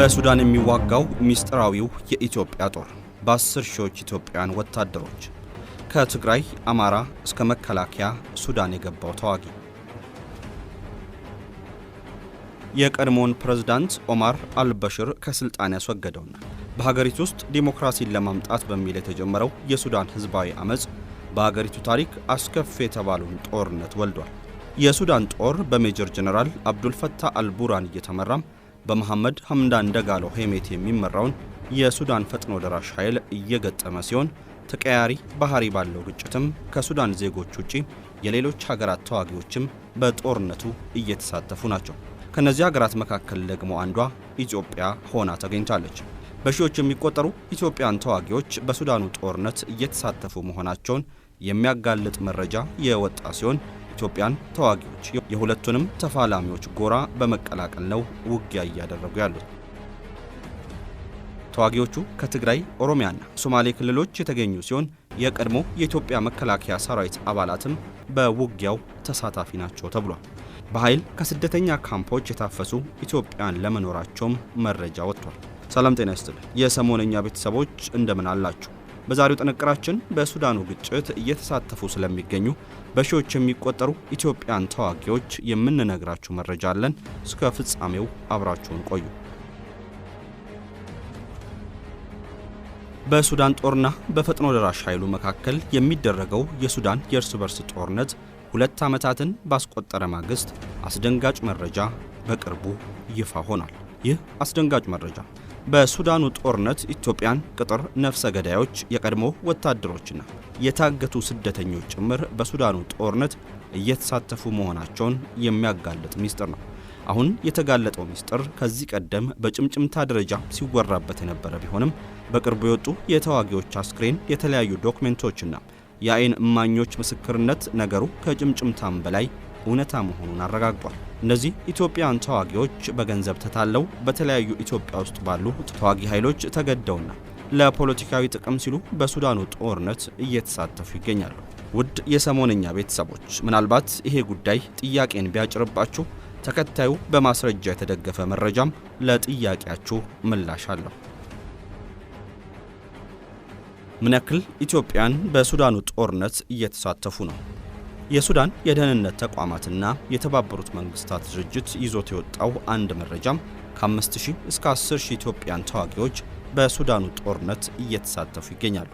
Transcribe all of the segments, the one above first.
በሱዳን የሚዋጋው ሚስጥራዊው የኢትዮጵያ ጦር በአስር ሺዎች ኢትዮጵያውያን ወታደሮች ከትግራይ አማራ እስከ መከላከያ ሱዳን የገባው ተዋጊ የቀድሞውን ፕሬዝዳንት ኦማር አልበሽር ከስልጣን ያስወገደውና በሀገሪቱ ውስጥ ዲሞክራሲን ለማምጣት በሚል የተጀመረው የሱዳን ህዝባዊ አመፅ በሀገሪቱ ታሪክ አስከፊ የተባለውን ጦርነት ወልዷል። የሱዳን ጦር በሜጀር ጀነራል አብዱልፈታህ አልቡራን እየተመራም በመሐመድ ሐምዳን ደጋሎ ሄሜት የሚመራውን የሱዳን ፈጥኖ ደራሽ ኃይል እየገጠመ ሲሆን ተቀያሪ ባህሪ ባለው ግጭትም ከሱዳን ዜጎች ውጪ የሌሎች ሀገራት ተዋጊዎችም በጦርነቱ እየተሳተፉ ናቸው። ከነዚህ ሀገራት መካከል ደግሞ አንዷ ኢትዮጵያ ሆና ተገኝታለች። በሺዎች የሚቆጠሩ ኢትዮጵያን ተዋጊዎች በሱዳኑ ጦርነት እየተሳተፉ መሆናቸውን የሚያጋልጥ መረጃ የወጣ ሲሆን የኢትዮጵያን ተዋጊዎች የሁለቱንም ተፋላሚዎች ጎራ በመቀላቀል ነው ውጊያ እያደረጉ ያሉት። ተዋጊዎቹ ከትግራይ፣ ኦሮሚያና ሶማሌ ክልሎች የተገኙ ሲሆን የቀድሞ የኢትዮጵያ መከላከያ ሰራዊት አባላትም በውጊያው ተሳታፊ ናቸው ተብሏል። በኃይል ከስደተኛ ካምፖች የታፈሱ ኢትዮጵያን ለመኖራቸውም መረጃ ወጥቷል። ሰላም ጤና ይስጥልን። የሰሞነኛ ቤተሰቦች እንደምን አላችሁ? በዛሬው ጥንቅራችን በሱዳኑ ግጭት እየተሳተፉ ስለሚገኙ በሺዎች የሚቆጠሩ ኢትዮጵያን ተዋጊዎች የምንነግራችሁ መረጃ አለን። እስከ ፍጻሜው አብራችሁን ቆዩ። በሱዳን ጦርና በፈጥኖ ደራሽ ኃይሉ መካከል የሚደረገው የሱዳን የእርስ በርስ ጦርነት ሁለት ዓመታትን ባስቆጠረ ማግስት አስደንጋጭ መረጃ በቅርቡ ይፋ ሆኗል። ይህ አስደንጋጭ መረጃ በሱዳኑ ጦርነት ኢትዮጵያን ቅጥር ነፍሰ ገዳዮች፣ የቀድሞ ወታደሮችና የታገቱ ስደተኞች ጭምር በሱዳኑ ጦርነት እየተሳተፉ መሆናቸውን የሚያጋልጥ ሚስጥር ነው። አሁን የተጋለጠው ሚስጥር ከዚህ ቀደም በጭምጭምታ ደረጃ ሲወራበት የነበረ ቢሆንም በቅርቡ የወጡ የተዋጊዎች አስክሬን፣ የተለያዩ ዶክሜንቶችና የአይን እማኞች ምስክርነት ነገሩ ከጭምጭምታም በላይ እውነታ መሆኑን አረጋግጧል። እነዚህ ኢትዮጵያውያን ተዋጊዎች በገንዘብ ተታለው በተለያዩ ኢትዮጵያ ውስጥ ባሉ ተዋጊ ኃይሎች ተገደውና ለፖለቲካዊ ጥቅም ሲሉ በሱዳኑ ጦርነት እየተሳተፉ ይገኛሉ። ውድ የሰሞነኛ ቤተሰቦች ምናልባት ይሄ ጉዳይ ጥያቄን ቢያጭርባችሁ ተከታዩ በማስረጃ የተደገፈ መረጃም ለጥያቄያችሁ ምላሽ አለው። ምን ያክል ኢትዮጵያን በሱዳኑ ጦርነት እየተሳተፉ ነው? የሱዳን የደህንነት ተቋማትና የተባበሩት መንግስታት ድርጅት ይዞት የወጣው አንድ መረጃም ከ5000 እስከ 10000 ኢትዮጵያን ተዋጊዎች በሱዳኑ ጦርነት እየተሳተፉ ይገኛሉ።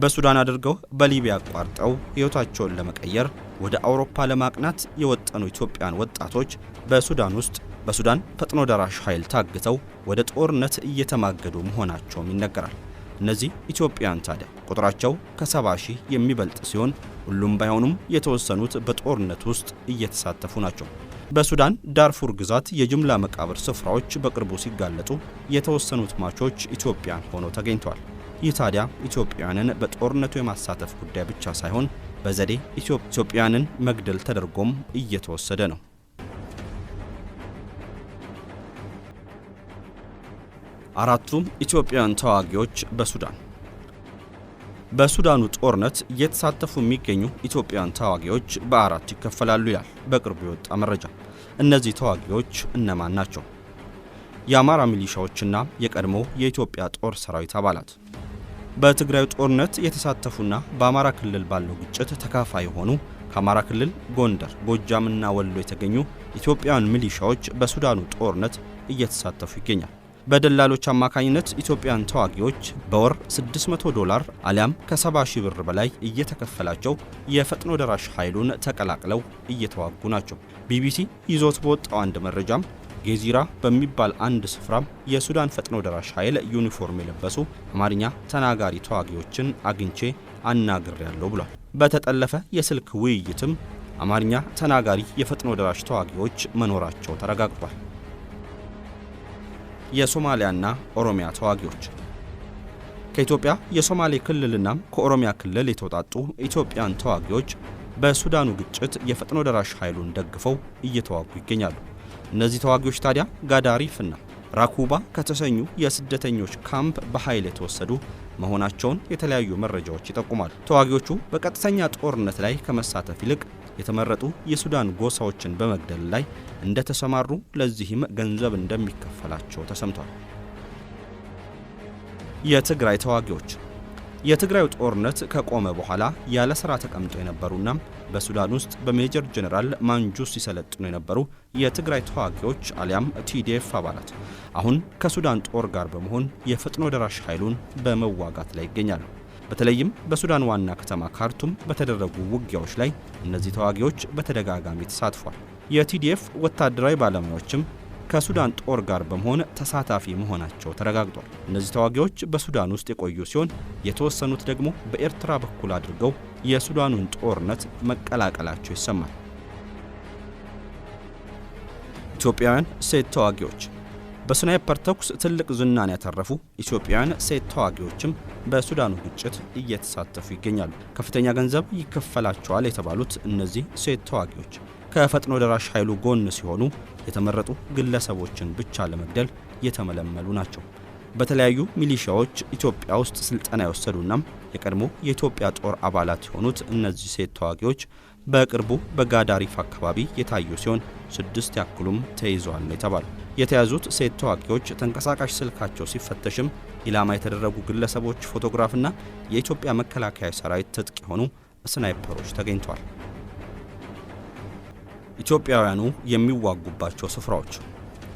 በሱዳን አድርገው በሊቢያ አቋርጠው ሕይወታቸውን ለመቀየር ወደ አውሮፓ ለማቅናት የወጠኑ ኢትዮጵያን ወጣቶች በሱዳን ውስጥ በሱዳን ፈጥኖ ደራሽ ኃይል ታግተው ወደ ጦርነት እየተማገዱ መሆናቸውም ይነገራል። እነዚህ ኢትዮጵያውያን ታዲያ ቁጥራቸው ከ70 ሺህ የሚበልጥ ሲሆን ሁሉም ባይሆኑም የተወሰኑት በጦርነት ውስጥ እየተሳተፉ ናቸው። በሱዳን ዳርፉር ግዛት የጅምላ መቃብር ስፍራዎች በቅርቡ ሲጋለጡ የተወሰኑት ሟቾች ኢትዮጵያን ሆነው ተገኝተዋል። ይህ ታዲያ ኢትዮጵያውያንን በጦርነቱ የማሳተፍ ጉዳይ ብቻ ሳይሆን በዘዴ ኢትዮጵያውያንን መግደል ተደርጎም እየተወሰደ ነው። አራቱም ኢትዮጵያውያን ተዋጊዎች በሱዳን በሱዳኑ ጦርነት እየተሳተፉ የሚገኙ ኢትዮጵያውያን ተዋጊዎች በአራት ይከፈላሉ ይላል በቅርቡ የወጣ መረጃ። እነዚህ ተዋጊዎች እነማን ናቸው? የአማራ ሚሊሻዎችና የቀድሞ የኢትዮጵያ ጦር ሰራዊት አባላት በትግራይ ጦርነት የተሳተፉና በአማራ ክልል ባለው ግጭት ተካፋይ የሆኑ ከአማራ ክልል ጎንደር፣ ጎጃምና ወሎ የተገኙ ኢትዮጵያውያን ሚሊሻዎች በሱዳኑ ጦርነት እየተሳተፉ ይገኛል። በደላሎች አማካኝነት ኢትዮጵያን ተዋጊዎች በወር 600 ዶላር አሊያም ከ70 ሺህ ብር በላይ እየተከፈላቸው የፈጥኖ ደራሽ ኃይሉን ተቀላቅለው እየተዋጉ ናቸው። ቢቢሲ ይዞት በወጣው አንድ መረጃም ጌዚራ በሚባል አንድ ስፍራም የሱዳን ፈጥኖ ደራሽ ኃይል ዩኒፎርም የለበሱ አማርኛ ተናጋሪ ተዋጊዎችን አግኝቼ ያለው ብሏል። በተጠለፈ የስልክ ውይይትም አማርኛ ተናጋሪ የፈጥኖ ደራሽ ተዋጊዎች መኖራቸው ተረጋግጧል። የሶማሊያና ኦሮሚያ ተዋጊዎች ከኢትዮጵያ የሶማሌ ክልልና ከኦሮሚያ ክልል የተውጣጡ ኢትዮጵያን ተዋጊዎች በሱዳኑ ግጭት የፈጥኖ ደራሽ ኃይሉን ደግፈው እየተዋጉ ይገኛሉ። እነዚህ ተዋጊዎች ታዲያ ጋዳሪፍና ራኩባ ከተሰኙ የስደተኞች ካምፕ በኃይል የተወሰዱ መሆናቸውን የተለያዩ መረጃዎች ይጠቁማሉ። ተዋጊዎቹ በቀጥተኛ ጦርነት ላይ ከመሳተፍ ይልቅ የተመረጡ የሱዳን ጎሳዎችን በመግደል ላይ እንደተሰማሩ ለዚህም ገንዘብ እንደሚከፈላቸው ተሰምቷል። የትግራይ ተዋጊዎች የትግራዩ ጦርነት ከቆመ በኋላ ያለ ስራ ተቀምጠው የነበሩና በሱዳን ውስጥ በሜጀር ጀነራል ማንጁስ ሲሰለጥኑ የነበሩ የትግራይ ተዋጊዎች አሊያም ቲዲኤፍ አባላት አሁን ከሱዳን ጦር ጋር በመሆን የፈጥኖ ደራሽ ኃይሉን በመዋጋት ላይ ይገኛሉ። በተለይም በሱዳን ዋና ከተማ ካርቱም በተደረጉ ውጊያዎች ላይ እነዚህ ተዋጊዎች በተደጋጋሚ ተሳትፏል። የቲዲኤፍ ወታደራዊ ባለሙያዎችም ከሱዳን ጦር ጋር በመሆን ተሳታፊ መሆናቸው ተረጋግጧል። እነዚህ ተዋጊዎች በሱዳን ውስጥ የቆዩ ሲሆን የተወሰኑት ደግሞ በኤርትራ በኩል አድርገው የሱዳኑን ጦርነት መቀላቀላቸው ይሰማል። ኢትዮጵያውያን ሴት ተዋጊዎች በስናይፐር ተኩስ ትልቅ ዝናን ያተረፉ ኢትዮጵያውያን ሴት ተዋጊዎችም በሱዳኑ ግጭት እየተሳተፉ ይገኛሉ። ከፍተኛ ገንዘብ ይከፈላቸዋል የተባሉት እነዚህ ሴት ተዋጊዎች ከፈጥኖ ደራሽ ኃይሉ ጎን ሲሆኑ የተመረጡ ግለሰቦችን ብቻ ለመግደል የተመለመሉ ናቸው። በተለያዩ ሚሊሻዎች ኢትዮጵያ ውስጥ ስልጠና የወሰዱናም የቀድሞ የኢትዮጵያ ጦር አባላት የሆኑት እነዚህ ሴት ተዋጊዎች በቅርቡ በጋዳሪፍ አካባቢ የታዩ ሲሆን ስድስት ያክሉም ተይዘዋል ነው የተባሉ። የተያዙት ሴት ተዋቂዎች ተንቀሳቃሽ ስልካቸው ሲፈተሽም ኢላማ የተደረጉ ግለሰቦች ፎቶግራፍና የኢትዮጵያ መከላከያ ሰራዊት ትጥቅ የሆኑ ስናይፐሮች ተገኝተዋል። ኢትዮጵያውያኑ የሚዋጉባቸው ስፍራዎች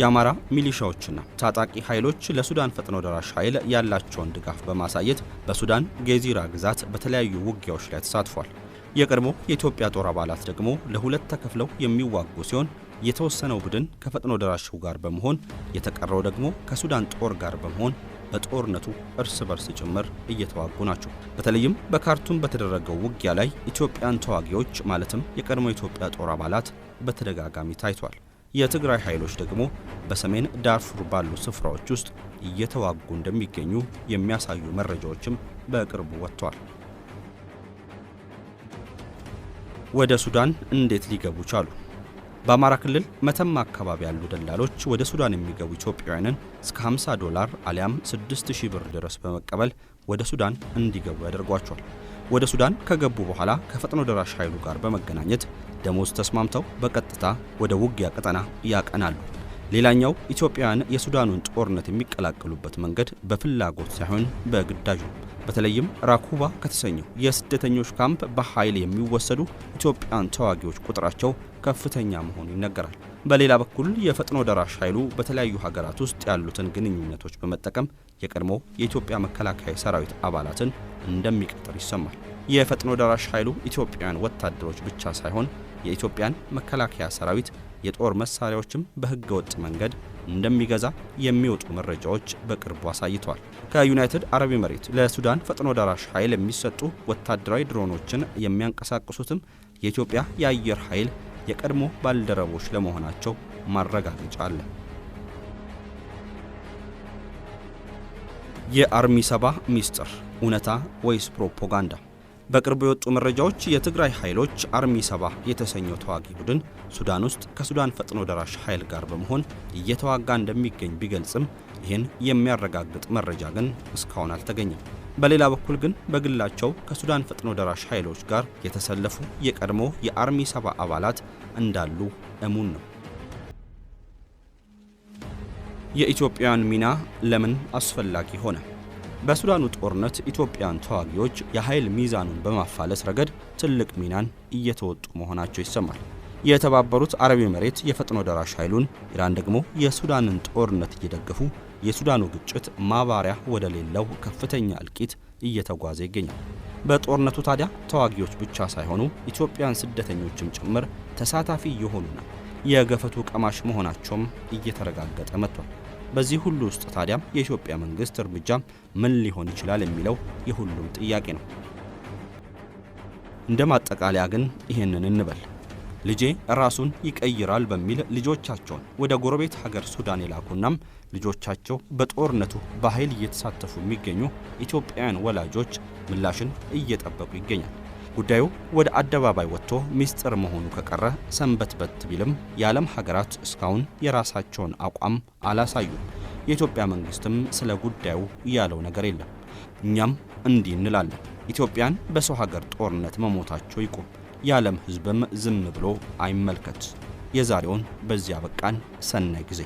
የአማራ ሚሊሻዎችና ታጣቂ ኃይሎች ለሱዳን ፈጥኖ ደራሽ ኃይል ያላቸውን ድጋፍ በማሳየት በሱዳን ጌዚራ ግዛት በተለያዩ ውጊያዎች ላይ ተሳትፏል። የቀድሞ የኢትዮጵያ ጦር አባላት ደግሞ ለሁለት ተከፍለው የሚዋጉ ሲሆን የተወሰነው ቡድን ከፈጥኖ ደራሹ ጋር በመሆን የተቀረው ደግሞ ከሱዳን ጦር ጋር በመሆን በጦርነቱ እርስ በርስ ጭምር እየተዋጉ ናቸው። በተለይም በካርቱም በተደረገው ውጊያ ላይ ኢትዮጵያን ተዋጊዎች ማለትም የቀድሞ የኢትዮጵያ ጦር አባላት በተደጋጋሚ ታይቷል። የትግራይ ኃይሎች ደግሞ በሰሜን ዳርፉር ባሉ ስፍራዎች ውስጥ እየተዋጉ እንደሚገኙ የሚያሳዩ መረጃዎችም በቅርቡ ወጥተዋል። ወደ ሱዳን እንዴት ሊገቡ ቻሉ? በአማራ ክልል መተማ አካባቢ ያሉ ደላሎች ወደ ሱዳን የሚገቡ ኢትዮጵያውያንን እስከ 50 ዶላር አሊያም 6000 ብር ድረስ በመቀበል ወደ ሱዳን እንዲገቡ ያደርጓቸዋል። ወደ ሱዳን ከገቡ በኋላ ከፈጥኖ ደራሽ ኃይሉ ጋር በመገናኘት ደሞዝ ተስማምተው በቀጥታ ወደ ውጊያ ቀጠና ያቀናሉ። ሌላኛው ኢትዮጵያውያን የሱዳኑን ጦርነት የሚቀላቀሉበት መንገድ በፍላጎት ሳይሆን በግዳጅ ነው። በተለይም ራኩባ ከተሰኘው የስደተኞች ካምፕ በኃይል የሚወሰዱ ኢትዮጵያን ተዋጊዎች ቁጥራቸው ከፍተኛ መሆኑ ይነገራል። በሌላ በኩል የፈጥኖ ደራሽ ኃይሉ በተለያዩ ሀገራት ውስጥ ያሉትን ግንኙነቶች በመጠቀም የቀድሞ የኢትዮጵያ መከላከያ ሰራዊት አባላትን እንደሚቀጥር ይሰማል። የፈጥኖ ደራሽ ኃይሉ ኢትዮጵያውያን ወታደሮች ብቻ ሳይሆን የኢትዮጵያን መከላከያ ሰራዊት የጦር መሳሪያዎችም በህገወጥ ወጥ መንገድ እንደሚገዛ የሚወጡ መረጃዎች በቅርቡ አሳይተዋል። ከዩናይትድ አረብ ኤምሬት ለሱዳን ፈጥኖ ደራሽ ኃይል የሚሰጡ ወታደራዊ ድሮኖችን የሚያንቀሳቅሱትም የኢትዮጵያ የአየር ኃይል የቀድሞ ባልደረቦች ለመሆናቸው ማረጋገጫ አለ። የአርሚ ሰባ ሚስጥር እውነታ ወይስ ፕሮፓጋንዳ? በቅርቡ የወጡ መረጃዎች የትግራይ ኃይሎች አርሚ ሰባ የተሰኘው ተዋጊ ቡድን ሱዳን ውስጥ ከሱዳን ፈጥኖ ደራሽ ኃይል ጋር በመሆን እየተዋጋ እንደሚገኝ ቢገልጽም ይህን የሚያረጋግጥ መረጃ ግን እስካሁን አልተገኘም። በሌላ በኩል ግን በግላቸው ከሱዳን ፈጥኖ ደራሽ ኃይሎች ጋር የተሰለፉ የቀድሞ የአርሚ ሰባ አባላት እንዳሉ እሙን ነው። የኢትዮጵያውያን ሚና ለምን አስፈላጊ ሆነ? በሱዳኑ ጦርነት ኢትዮጵያን ተዋጊዎች የኃይል ሚዛኑን በማፋለስ ረገድ ትልቅ ሚናን እየተወጡ መሆናቸው ይሰማል። የተባበሩት አረብ ኤምሬት የፈጥኖ ደራሽ ኃይሉን፣ ኢራን ደግሞ የሱዳንን ጦርነት እየደገፉ የሱዳኑ ግጭት ማባሪያ ወደ ሌለው ከፍተኛ እልቂት እየተጓዘ ይገኛል። በጦርነቱ ታዲያ ተዋጊዎች ብቻ ሳይሆኑ ኢትዮጵያን ስደተኞችም ጭምር ተሳታፊ የሆኑና የገፈቱ ቀማሽ መሆናቸውም እየተረጋገጠ መጥቷል። በዚህ ሁሉ ውስጥ ታዲያም የኢትዮጵያ መንግስት እርምጃ ምን ሊሆን ይችላል የሚለው የሁሉም ጥያቄ ነው። እንደ ማጠቃለያ ግን ይህንን እንበል። ልጄ ራሱን ይቀይራል በሚል ልጆቻቸውን ወደ ጎረቤት ሀገር ሱዳን የላኩናም ልጆቻቸው በጦርነቱ በኃይል እየተሳተፉ የሚገኙ ኢትዮጵያውያን ወላጆች ምላሽን እየጠበቁ ይገኛል። ጉዳዩ ወደ አደባባይ ወጥቶ ሚስጥር መሆኑ ከቀረ ሰንበት በት ቢልም የዓለም ሀገራት እስካሁን የራሳቸውን አቋም አላሳዩም። የኢትዮጵያ መንግስትም ስለ ጉዳዩ ያለው ነገር የለም። እኛም እንዲህ እንላለን። ኢትዮጵያን በሰው ሀገር ጦርነት መሞታቸው ይቁም። የዓለም ህዝብም ዝም ብሎ አይመልከት። የዛሬውን በዚያ በቃን። ሰናይ ጊዜ